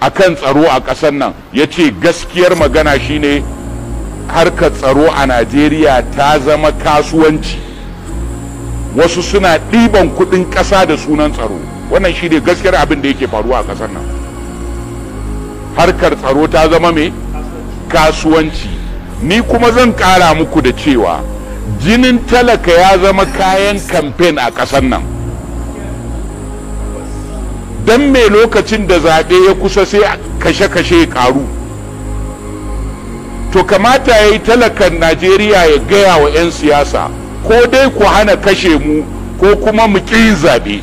akan tsaro a ƙasar nan ya ce gaskiyar magana shine harkar tsaro a najeriya ta zama kasuwanci wasu suna ɗiban kuɗin ƙasa da sunan tsaro wannan shi ne gaskiyar abin da yake faruwa a ƙasar nan harkar tsaro ta zama mai kasuwanci ni kuma zan ƙara muku da cewa jinin talaka ya zama kayan kamfen a ƙasar nan don me lokacin da zaɓe ya kusa sai kashe-kashe ƙaru to kamata ya yi talakan najeriya ya gaya wa 'yan siyasa ko dai ku hana kashe mu ko kuma mu ƙi zaɓe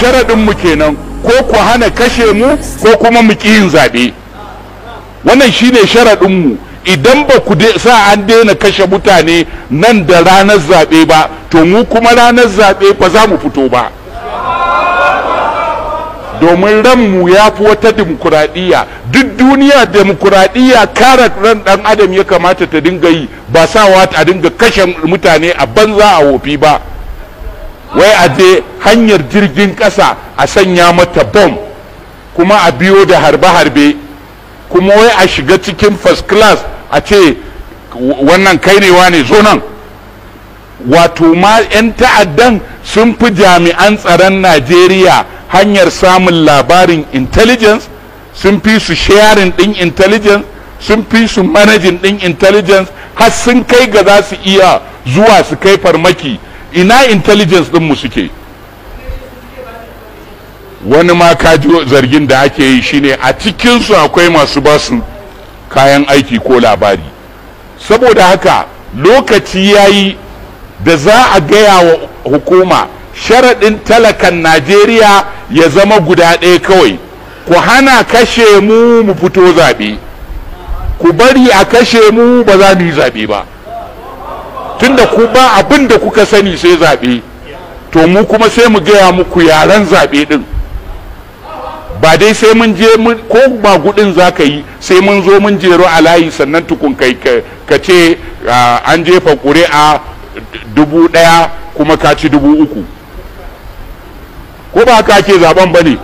sharaɗinmu kenan ko ku hana kashe mu ko kuma mu ƙi yin zaɓe wannan shine mu idan ba ku sa an daina kashe mutane nan da ranar zaɓe ba to mu kuma ranar zaɓe ba za mu fito ba domin ranmu ya fi wata demokuraɗiyya duk duniya demokuraɗiyya kare ran ɗan adam ya kamata ta dinga yi ba sawa a dinga kashe mutane a banza a wofi ba wai a je hanyar jirgin ƙasa a sanya mata bom kuma a biyo da harbe-harbe kuma wai a shiga cikin first class a ce wannan kai ne wa ne zo nan wato ma 'yan ta'addan sun fi jami'an tsaron najeriya hanyar samun labarin intelligence sun fi su sharing din intelligence sun fi su managing din intelligence har sun kai ga za su iya zuwa su kai farmaki ina intelligence ɗinmu suke wani ma kaji zargin da ake yi shine a cikinsu akwai masu basu kayan aiki ko labari saboda haka lokaci ya yi da za a gaya wa hukuma sharaɗin talakan najeriya ya zama guda ɗaya kawai ku hana kashe mu mu fito zaɓe ku bari a kashe mu ba za mu yi zaɓe ba tunda ku ba abin da kuka sani sai zaɓe to mu kuma sai mu gaya muku yaren zaɓe ɗin ba dai sai mun je ko ba gudun za ka yi sai mun zo mun jero a layi sannan tukun kai ka ce ah, an jefa ƙuri'a dubu ɗaya kuma ka ci dubu uku ko ba ka ke zaben ba ne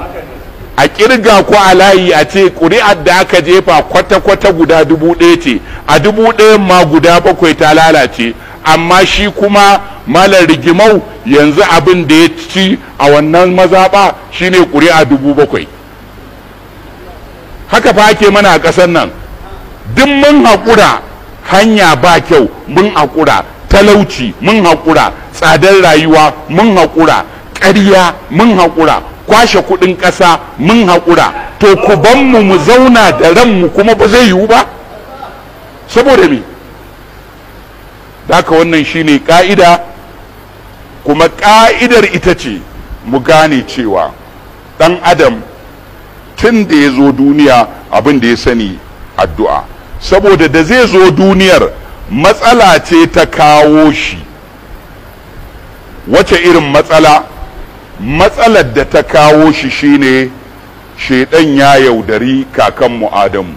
a kirga ko a layi a ce ƙuri'ar da aka jefa kwata-kwata guda dubu ɗaya ce a dubu ɗaya ma guda bakwai ta lalace amma shi kuma malar rigimau yanzu abin da ya ci a wannan mazaɓa shine ƙuri'a dubu bakwai haka fa ake mana a ƙasar nan duk mun haƙura hanya ba kyau mun haƙura talauci mun haƙura tsadar rayuwa mun haƙura ƙarya mun haƙura kwashe kuɗin ƙasa mun haƙura to ku banmu mu zauna da ranmu kuma ba zai yiwu ba saboda me daka wannan shine ƙa'ida kuma ƙa'idar ita ce mu gane cewa ɗan adam tun da ya zo duniya abin da ya sani addu'a saboda da zai zo duniyar matsala ce ta kawo shi wace irin matsala matsalar da ta kawo shi shine shaidan ya yaudari mu adamu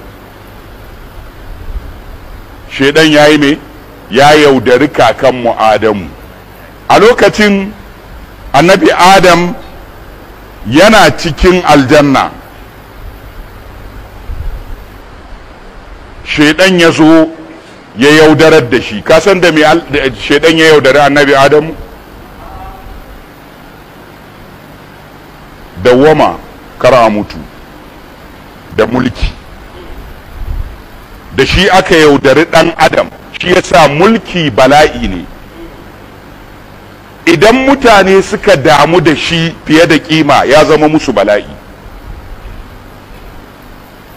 shaidan ya yi ne ya yaudari mu adamu a lokacin annabi adam yana cikin aljanna shaidan ya zo ya yaudarar da shi kasan da shaidan ya yaudari annabi adamu dawwama kara mutu da mulki da shi aka yaudari dan adam shi yasa mulki bala'i ne idan mutane suka damu da shi fiye da kima ya zama musu bala'i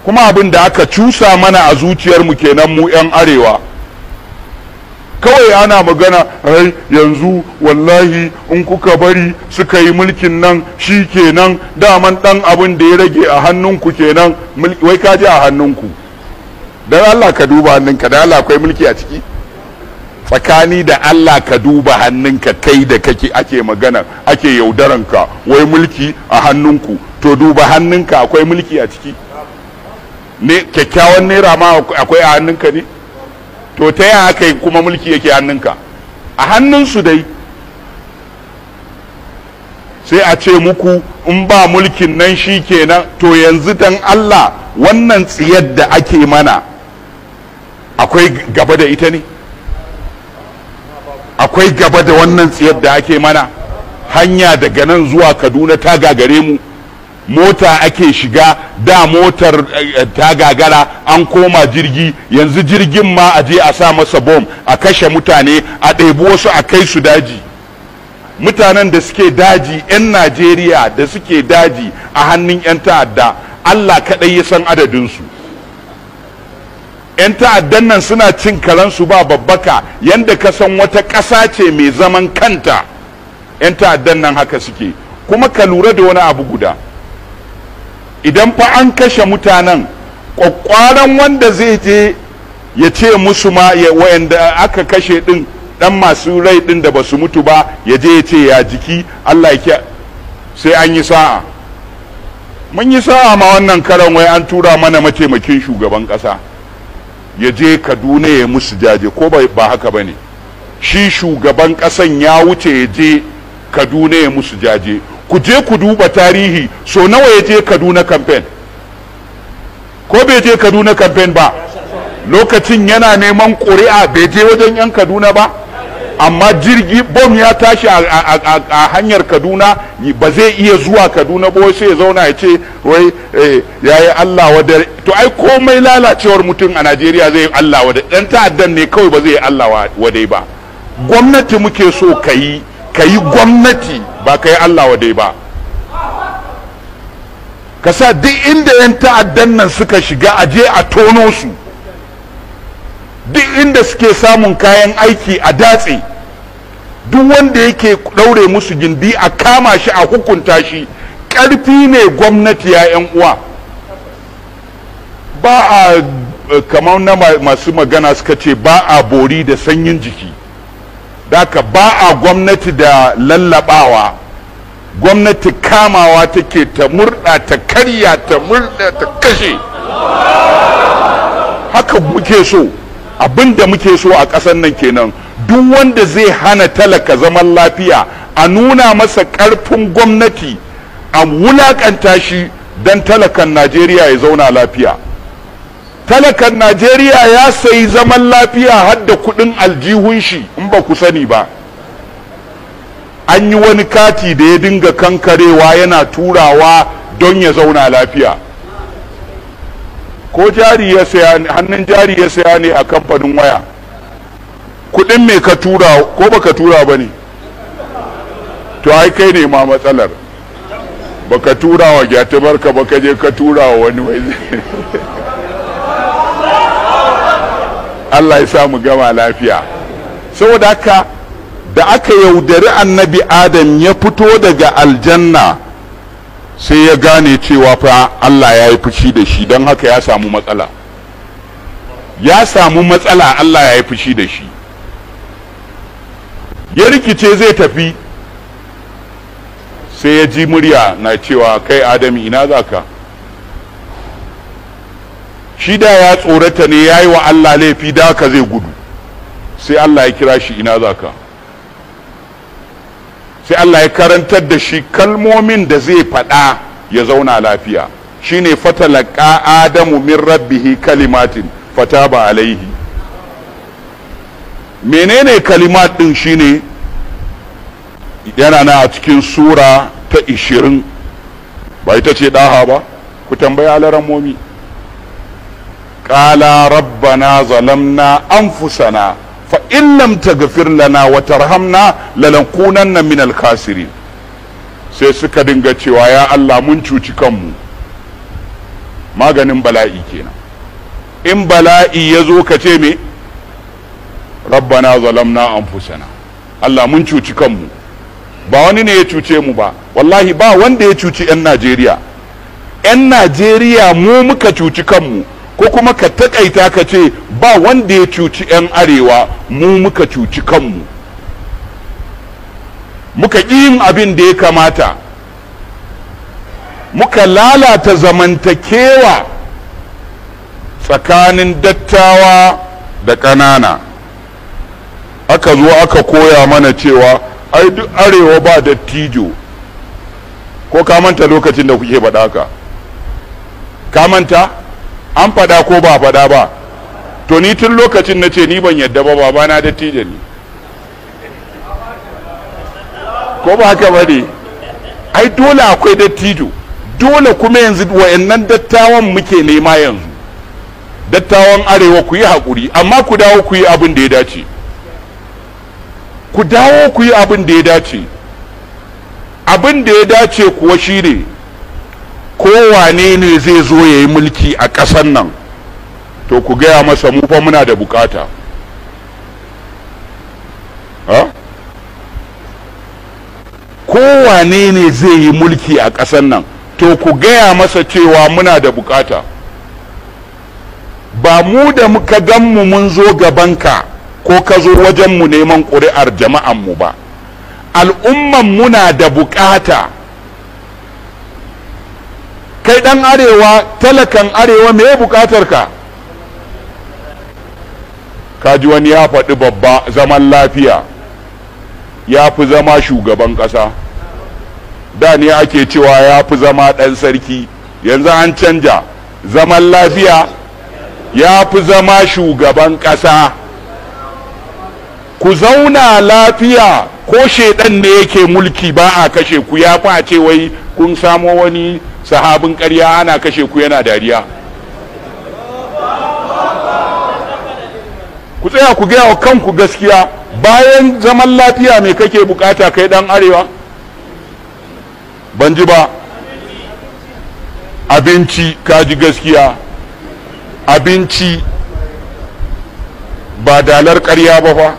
kuma abin da aka cusa mana a zuciyarmu kenan mu 'yan arewa kawai ana magana rai yanzu wallahi in kuka bari suka yi mulkin nan shi kenan daman dan abin da ya rage a hannunku kenan wai ka a hannunku don Allah ka duba hannunka don Allah akwai mulki a ciki tsakani da Allah ka duba hannunka kai da kake ake magana ake yaudaranka wai mulki a hannunku to duba hannunka akwai mulki a ciki ne kyakkyawan naira ma akwai a hannunka ne to ta yaya aka yi kuma mulki yake hannunka a hannunsu dai sai a ce muku in ba mulkin nan shi kenan to yanzu dan Allah wannan tsiyar da ake mana akwai gaba da ita ne akwai gaba da wannan tsiyar da ake mana hanya daga nan zuwa kaduna ta gagare mu mota ake shiga da motar eh, ta gagara an koma jirgi yanzu jirgin ma a je a sa masa bom a kashe mutane a ɗebi wasu a kai su daji mutanen da suke daji 'yan najeriya da suke daji a hannun 'yan ta'adda allah kaɗai ya san adadinsu 'yan ta'addan nan suna cin karansu ba babbaka yadda ka san wata ƙasa ce mai zaman kanta 'yan ta'addan nan haka suke kuma ka lura da wani abu guda idan fa an kashe mutanen kwakwaran wanda zai je ya ce musu ma wayanda aka kashe din dan masu rai din da ba su mutu ba ya je ya ce ya jiki Allah ya sai an yi sa'a mun yi sa'a ma wannan karan wai an tura mana mataimakin shugaban kasa ya je Kaduna ya musu jaje ko ba haka ba ne shi shugaban kasan ya wuce ya je Kaduna ya musu jaje ku je ku duba tarihi so nawa ya je kaduna campaign ko bai je kaduna campaign ba lokacin yana neman ƙuri'a bai je wajen 'yan kaduna ba amma jirgi bom ya tashi a hanyar kaduna ba zai iya zuwa kaduna ba sai ya zauna ya ce wai eh, ya yi allah dare to ai komai lalacewar mutum a najeriya zai yi allah dare dan ta'addan ne kawai ba zai yi allah dare ba gwamnati muke so ka yi ka yi gwamnati ba ka yi Allah dai ba ka sa duk inda yan ta'addan nan suka shiga a je a tono su duk inda suke samun kayan aiki a datse duk wanda yake ɗaure musu gindi a kama shi a hukunta shi ƙarfi ne gwamnati ya 'yan uwa ba a eh, kamar na masu magana suka ce ba a bori da sanyin jiki daka ba a gwamnati da lallabawa gwamnati kamawa take ta murda ta karya ta murda ta kashe haka muke so abinda muke so a ƙasar nan kenan duk wanda zai hana talaka zaman lafiya a nuna masa ƙarfin gwamnati a wulaƙanta shi don talakan najeriya ya zauna lafiya talakan najeriya ya sayi zaman lafiya har da kudin aljihun shi in ba ku sani ba an yi wani kati da ya dinga kankarewa yana turawa don ya zauna lafiya ko jari ya saya ne hannun jari ya saya ne a kamfanin waya kudin mai ka tura ko ba ka tura ba ne to ai kai ne ma matsalar ba ka tura wa ba ka je ka tura wa wani wai Allah ya sa mu gama lafiya saboda haka da aka yaudari annabi adam ya fito daga aljanna sai ya gane cewa fa Allah ya yi fushi da shi don haka ya samu matsala ya samu matsala Allah ya yi fushi da shi ya rikice zai tafi sai ya ji murya na cewa kai adam ina za ka shi da ya tsorata ne ya yi wa Allah laifi da ka zai gudu sai Allah ya kira shi ina za ka sai Allah ya karantar da shi kalmomin da zai faɗa ya zauna lafiya shi shine fatalaka adamu min rabbihi kalimatin fata alaihi menene kalimat din ne yana na a cikin sura ta ishirin ba ita ce ɗaha ba ku tambaya alaran momi قال ربنا ظلمنا أنفسنا فإن لم تغفر لنا وترحمنا لنكونن من الخاسرين sai suka dinga cewa ya Allah mun cuci kanmu maganin bala'i kenan in bala'i ya zo ka ce me rabbana zalamna anfusana Allah mun cuci kanmu ba wani ne ya cuce mu ba wallahi ba wanda ya cuci 'yan najeriya 'yan najeriya mu muka cuci kanmu ko kuma ka takaita ka ce ba wanda ya cuci 'yan arewa mu muka cuci kanmu muka yin abin da ya kamata muka lalata zamantakewa tsakanin dattawa da ƙanana aka zo aka koya mana cewa ai duk arewa ba dattijo ko ka manta lokacin da kuke baɗaka, ka manta an fada ko ba fada ba to ni tun lokacin na ce ni ban yadda ba ba na dattijo ne ko ba haka ba ne ai dole akwai dattijo dole kuma yanzu wa'annan dattawan muke nema yanzu dattawan arewa ku yi haƙuri amma ku dawo ku yi abin da ya dace ku dawo ku yi abin da ya dace abin da ya dace kuwa shine kowane ne zai zo ya yi mulki a ƙasan nan to ku gaya masa mu fa muna da bukata kowane ne zai yi mulki a ƙasan nan to ku gaya masa cewa muna da bukata ba mu da muka ganmu mun zo gaban ka, ko ka zo wajenmu neman ƙuri'ar jama'anmu ba al'umman muna da bukata kai dan arewa talakan arewa me buƙatar ka kaji wani ya faɗi babba zaman lafiya ya fi zama shugaban ƙasa da ne ake cewa ya fi zama ɗan sarki yanzu an canja zaman lafiya ya fi zama shugaban ƙasa ku zauna lafiya ko shedan ne yake mulki ba a kashe ku ya fi ce wai kun samo wani sahabin ƙarya ana kashe ku yana dariya ku tsaya ku gaya wa kanku gaskiya bayan zaman lafiya mai kake bukata kai dan arewa banji ba abinci kaji gaskiya abinci ba dalar ƙarya ba fa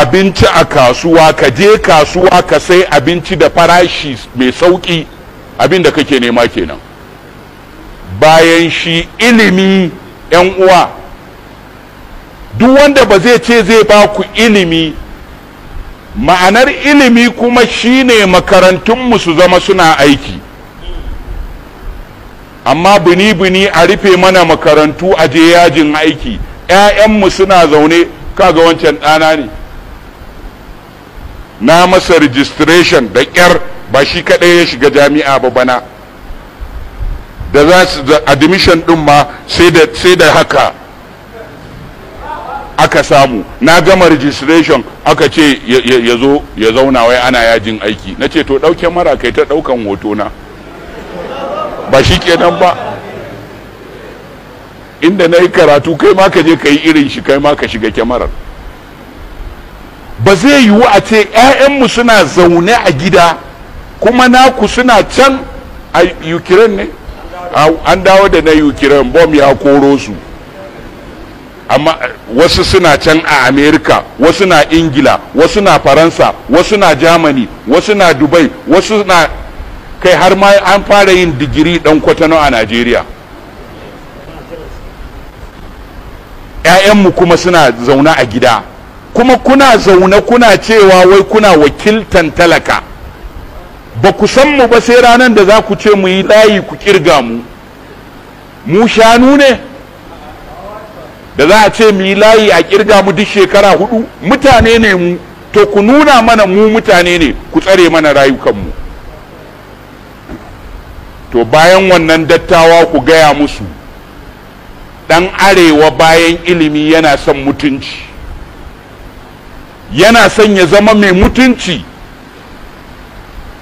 abinci a kasuwa ka je kasuwa ka sai abinci da farashi mai sauƙi abinda kake nema kenan bayan shi ilimi yan uwa duk wanda ba zai ce zai ba ku ilimi ma'anar ilimi kuma shine makarantunmu su zama suna aiki amma bini-bini a rufe mana makarantu a je yajin aiki 'ya'yanmu suna zaune kaga wancan ɗana ne na masa registration da ƙyar ba shi kaɗai ya shiga jami'a ba bana da za su admission ɗin ma sai da haka aka samu na gama registration aka ce ya zo ya zauna wai ana yajin aiki na ce to ɗauke mara kai ta ɗaukan hoto na ba shi kenan ba inda na yi karatu kai ma ka je ka yi irin shi kai ma ka shiga kyamarar ba zai yiwu a ce 'ya'yanmu suna zaune a gida kuma naku suna can a ukraine ne an dawo da na ukraine bom ya koro su amma eh, wasu suna can a america wasu na ingila wasu na faransa wasu na germany wasu na dubai wasu na kai har ma an fara yin digiri dan kwatano a nigeria ‘ya'yanmu kuma suna zauna a gida kuma kuna zauna kuna cewa wai kuna wakiltan talaka ba ku san mu ba sai ranar da za ku ce mu yi layi ku kirga mu mu shanu ne da za a ce mu yi layi a kirga mu duk shekara hudu mutane ne mu to ku nuna mana mu mutane ne ku tsare mana rayukanmu to bayan wannan dattawa ku gaya musu dan arewa bayan ilimi yana son mutunci yana son ya zama mai mutunci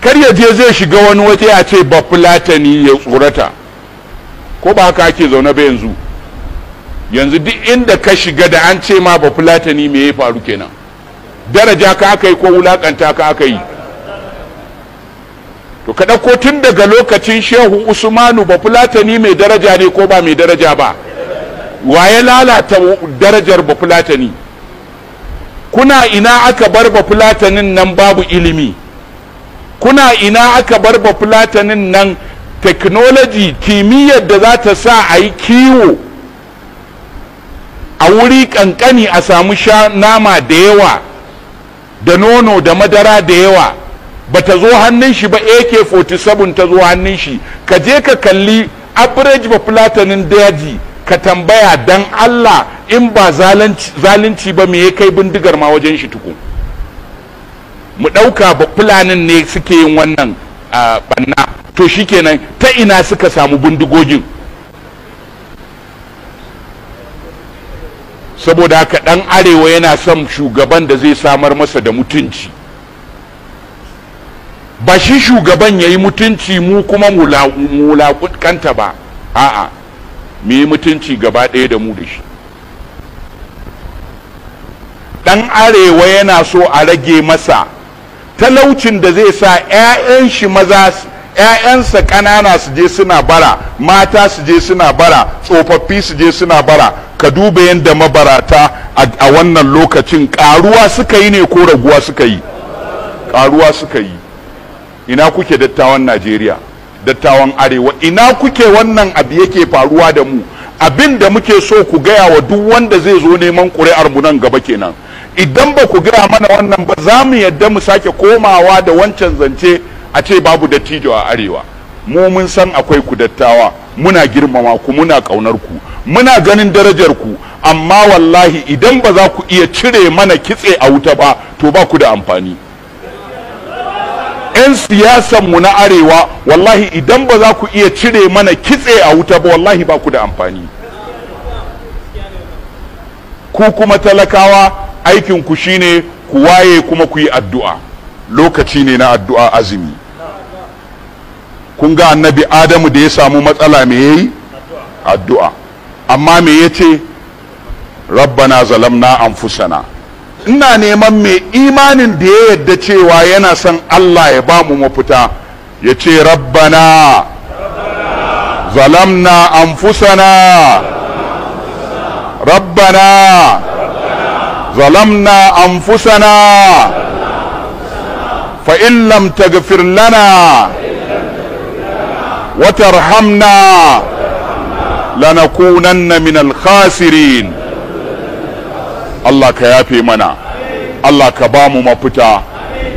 kar ya je zai shiga wani wata ya ce ba fulatani ya tsorata ko ba haka ake zaune ba yanzu yanzu duk inda ka shiga da an ce ma ba fulatani me ya faru kenan daraja ka aka yi ko wulakanta ka aka yi to ka ko tun daga lokacin shehu usmanu ba fulatani mai daraja ne ko ba mai daraja ba wa ya lalata darajar ba fulatani kuna ina aka bar ba fulatanin nan babu ilimi kuna ina aka bar bafulatanin nan technology kimiyyar da za ta sa a yi kiwo a wuri kankani a samu sha nama da yawa da nono da madara da yawa ba ta zo hannun shi ba ak-47 ta zo hannun shi ka je ka kalli average ba bafulatanin daji ka tambaya dan allah in ba zalunci ba me ya kai bindigar ma wajen shi tukun mu ɗauka ba fulanin ne suke yin wannan banna to shikenan ta ina suka samu bindigogin saboda haka ɗan arewa yana son shugaban da zai samar masa da mutunci ba shi shugaban ya yi mutunci mu kuma mulaƙutkanta ba a'a mu yi mutunci gaba ɗaya da mu da shi ɗan arewa yana so a rage masa talaucin da zai sa 'ya'yan shi maza 'ya'yansa ƙanana su je suna bara mata su je suna bara tsofaffi su je suna bara ka duba yadda mabarata a wannan lokacin ƙaruwa suka yi ne ko raguwa suka yi ƙaruwa suka yi ina kuke dattawan najeriya dattawan arewa ina kuke wannan abu yake faruwa da mu abin da muke so ku gaya wa duk wanda zai zo neman ƙuri'ar mu nan gaba kenan idan ba ku gaya mana wannan ba za mu yadda mu sake komawa da wancan zance a ce babu dattijo a arewa mu mun san akwai kudattawa dattawa muna girmama ku muna ƙaunar ku muna ganin darajar ku amma wallahi idan ba za ku iya cire mana kitse a wuta ba to ba ku da amfani 'yan siyasanmu na arewa wallahi idan ba za ku iya cire mana kitse a wuta ba wallahi ba ku da amfani ku kuma talakawa aikin ku shine ku waye kuma ku yi addu'a lokaci ne na addu'a azumi kun ga annabi adamu da ya samu matsala me yi addu'a amma me yace rabbana zalamna anfusana ina neman mai imanin da ya yadda cewa yana son Allah ya ba mu mafita ya ce rabbana zalamna anfusana rabbana ظلمنا أنفسنا فإن لم تغفر لنا وترحمنا لنكونن من الخاسرين الله كيافي منا الله كبام مفتا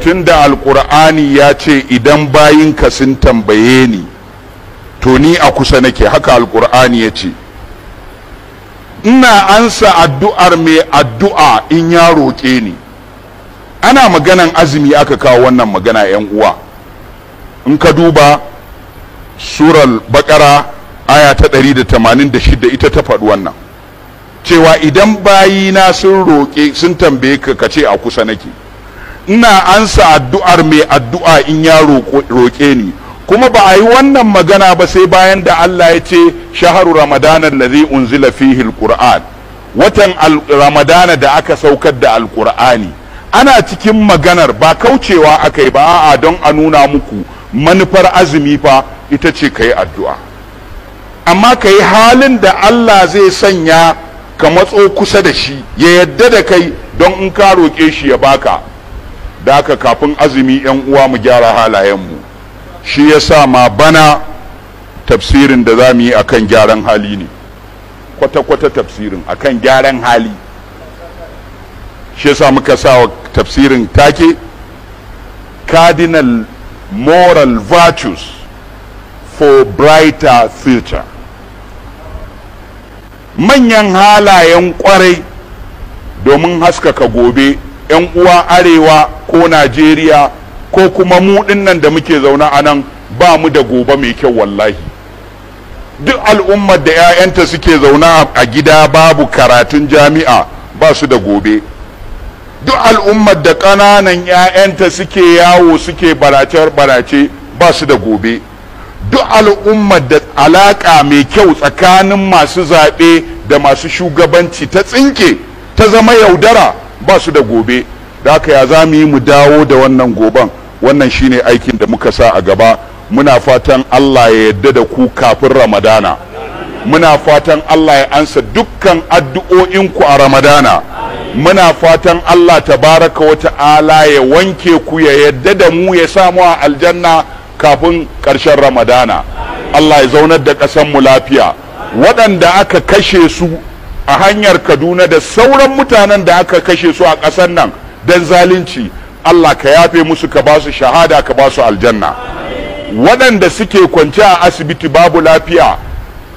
tunda alkur'ani ya ce idan bayinka sun tambaye ni to ni a kusa nake haka alkur'ani ya ce ina ansa addu'ar mai addu'a in ya roƙe ni ana maganan azumi aka kawo wannan magana yan uwa in ka duba surar bakara aya ta ɗari shida, ita ta faɗi wannan cewa idan bayina sun roƙe sun tambaye ka kace a kusa nake ina ansa addu'ar mai addu'a in ya roƙe ni kuma ba a yi wannan magana ba sai bayan da Allah ya ce shaharu ramadana allazi unzila fihi alquran watan ramadana da aka saukar da alqur'ani ana cikin maganar ba kaucewa akai ba a'a don a nuna muku manufar azumi fa ita ce kai addu'a amma kai halin da Allah zai sanya ka matso kusa da shi ya yadda da kai don in ka roƙe shi ya baka da aka kafin azumi yan uwa mu gyara halayenmu shi ya sa ma bana tafsirin da za mu yi akan gyaran hali ne kwata-kwata tafsirin akan gyaran hali shi ya sa muka sa wa tafsirin take cardinal moral virtues for brighter future manyan halayen kwarai domin haskaka gobe 'yan uwa arewa ko najeriya ko kuma mu dinnan da muke zauna a nan ba mu da gobe mai kyau wallahi duk al'ummar da 'ya'yanta suke zauna a gida babu karatun jami'a ba su da gobe duk al'ummar da ƙananan 'ya'yanta suke yawo suke barace-barace ba su da gobe duk al'ummar da alaƙa mai kyau tsakanin masu zaɓe da masu shugabanci ta tsinke ta zama yaudara ba su da gobe da haka ya za mu yi mu dawo da wannan goben wannan shine aikin da muka sa a gaba muna fatan Allah ya yarda da ku kafin Ramadana muna fatan Allah ya ansa dukkan addu'o'inku a Ramadana muna fatan Allah tabaraka wa ta'ala ya wanke ku ya yadda da mu ya samu a aljanna kafin ƙarshen Ramadana Allah ya zaunar da ƙasar mu lafiya waɗanda aka kashe su a hanyar Kaduna da sauran mutanen da aka kashe su a ƙasar nan don zalunci Allah ka yafe musu ka ba su shahada ka ba su aljanna waɗanda suke kwance a asibiti babu lafiya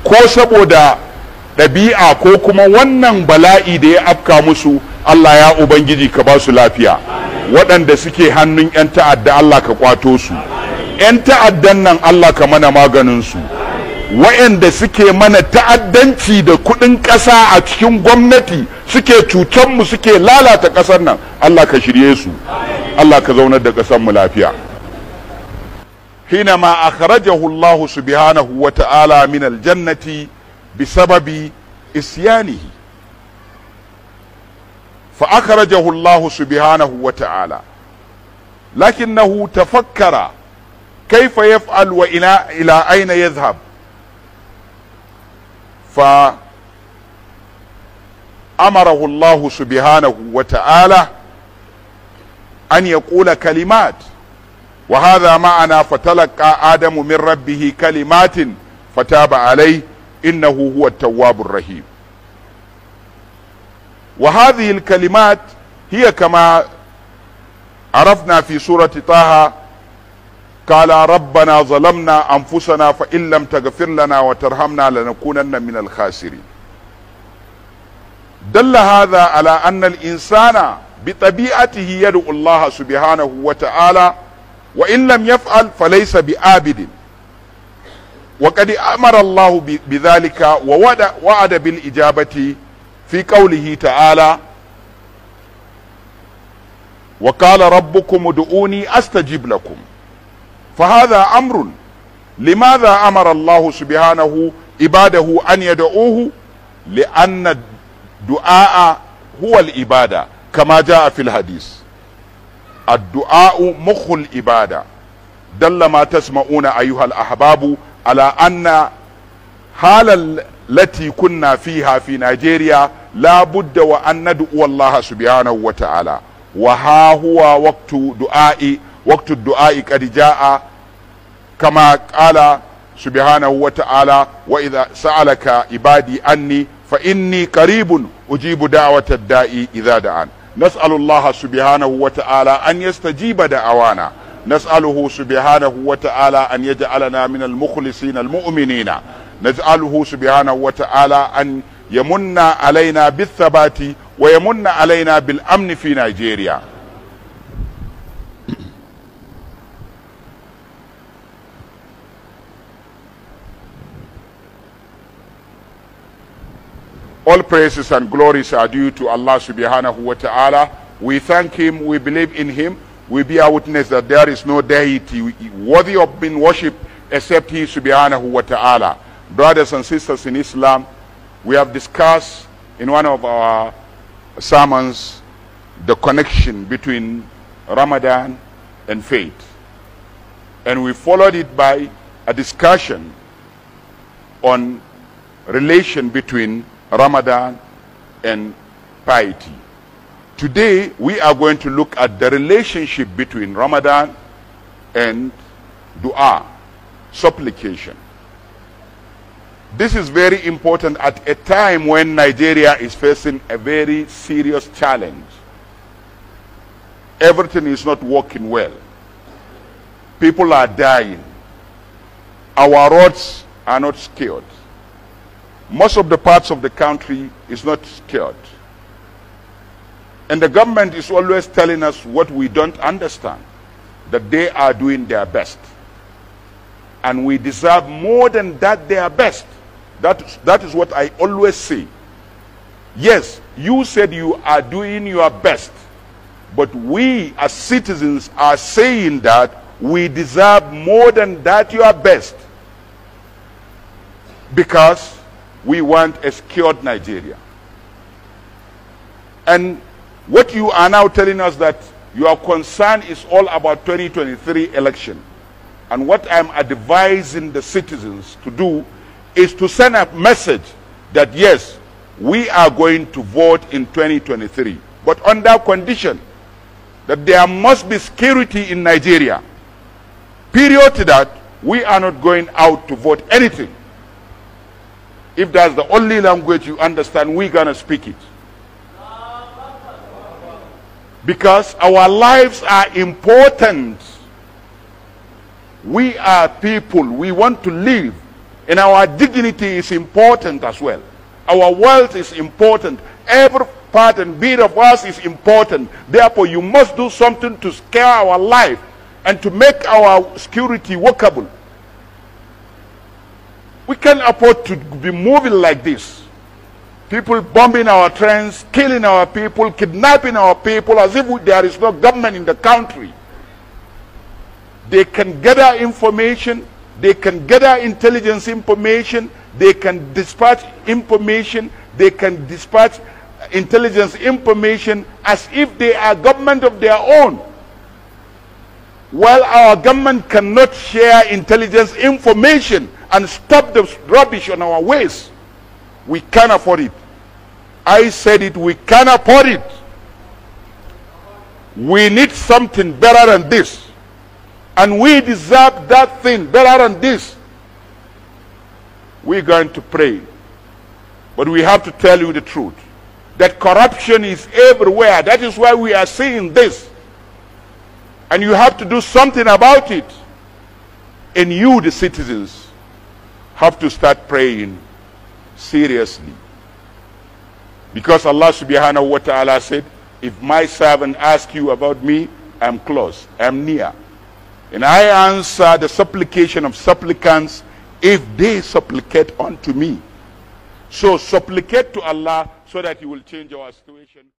ko saboda ɗabi'a ko kuma wannan bala'i da ya afka musu Allah ya ubangiji ka ba su lafiya waɗanda suke hannun 'yan ta'adda Allah ka kwato su 'yan ta'addan nan Allah ka mana maganin su waɗanda suke mana ta'addanci da kuɗin ƙasa a cikin gwamnati suke cutanmu suke lalata ƙasar nan Allah ka shirye su Allah ka zaunar da ƙasar mu lafiya. Hina ma a kharajahu Allah subhanahu wa ta'ala min aljannati bi sababi isyanihi. Fa a kharajahu Allah subhanahu wa ta'ala. Lakinahu tafakkara kaifa yaf'al wa ila aina yadhhab. Fa أمره الله سبحانه وتعالى ان يقول كلمات وهذا معنا فتلقى ادم من ربه كلمات فتاب عليه انه هو التواب الرحيم وهذه الكلمات هي كما عرفنا في سوره طه قال ربنا ظلمنا انفسنا فان لم تغفر لنا وترحمنا لنكونن من الخاسرين دل هذا على ان الانسان بطبيعته يدعو الله سبحانه وتعالى وإن لم يفعل فليس بآبد وقد أمر الله بذلك ووعد وعد بالإجابة في قوله تعالى وقال ربكم ادعوني أستجب لكم فهذا أمر لماذا أمر الله سبحانه عباده أن يدعوه لأن الدعاء هو العباده كما جاء في الحديث الدعاء مخ العبادة دل ما تسمعون أيها الأحباب على أن حال التي كنا فيها في نيجيريا لا بد وأن ندعو الله سبحانه وتعالى وها هو وقت دعاء وقت الدعاء قد جاء كما قال سبحانه وتعالى وإذا سألك عبادي أني فإني قريب أجيب دعوة الداء إذا دعان نسأل الله سبحانه وتعالى أن يستجيب دعوانا نسأله سبحانه وتعالى أن يجعلنا من المخلصين المؤمنين نسأله سبحانه وتعالى أن يمن علينا بالثبات ويمن علينا بالأمن في نيجيريا All praises and glories are due to Allah subhanahu wa ta'ala. We thank Him, we believe in Him, we bear witness that there is no deity worthy of being worshipped except He subhanahu wa ta'ala. Brothers and sisters in Islam, we have discussed in one of our sermons the connection between Ramadan and faith. And we followed it by a discussion on relation between Ramadan, and piety. Today, we are going to look at the relationship between Ramadan and dua, supplication. This is very important at a time when Nigeria is facing a very serious challenge. Everything is not working well. People are dying. Our roads are not secured. Most of the parts of the country is not secured. And the government is always telling us what we don't understand, that they are doing their best. And we deserve more than that their best. That, that is what I always say. Yes, you said you are doing your best, but we as citizens are saying that we deserve more than that your best. Because we want a secured Nigeria. And what you are now telling us that your concern is all about 2023 election. And what I'm advising the citizens to do is to send a message that yes, we are going to vote in 2023, but under condition that there must be security in Nigeria. Period to that, we are not going out to vote anything if that's the only language you understand, we're going to speak it. Because our lives are important. We are people. We want to live. And our dignity is important as well. Our wealth is important. Every part and bit of us is important. Therefore, you must do something to scare our life and to make our security workable. We can't afford to be moving like this. People bombing our trains, killing our people, kidnapping our people as if there is no government in the country. They can gather information, they can gather intelligence information, they can dispatch information, they can dispatch intelligence information as if they are government of their own. While our government cannot share intelligence information and stop the rubbish on our ways. We can afford it. I said it, we can afford it. We need something better than this. And we deserve that thing better than this. We're going to pray. But we have to tell you the truth. That corruption is everywhere. That is why we are seeing this. And you have to do something about it. And you, the citizens, have to start praying seriously. Because Allah subhanahu wa ta'ala said, if my servant asks you about me, I'm close, I'm near. And I answer the supplication of supplicants if they supplicate unto me. So supplicate to Allah so that He will change our situation.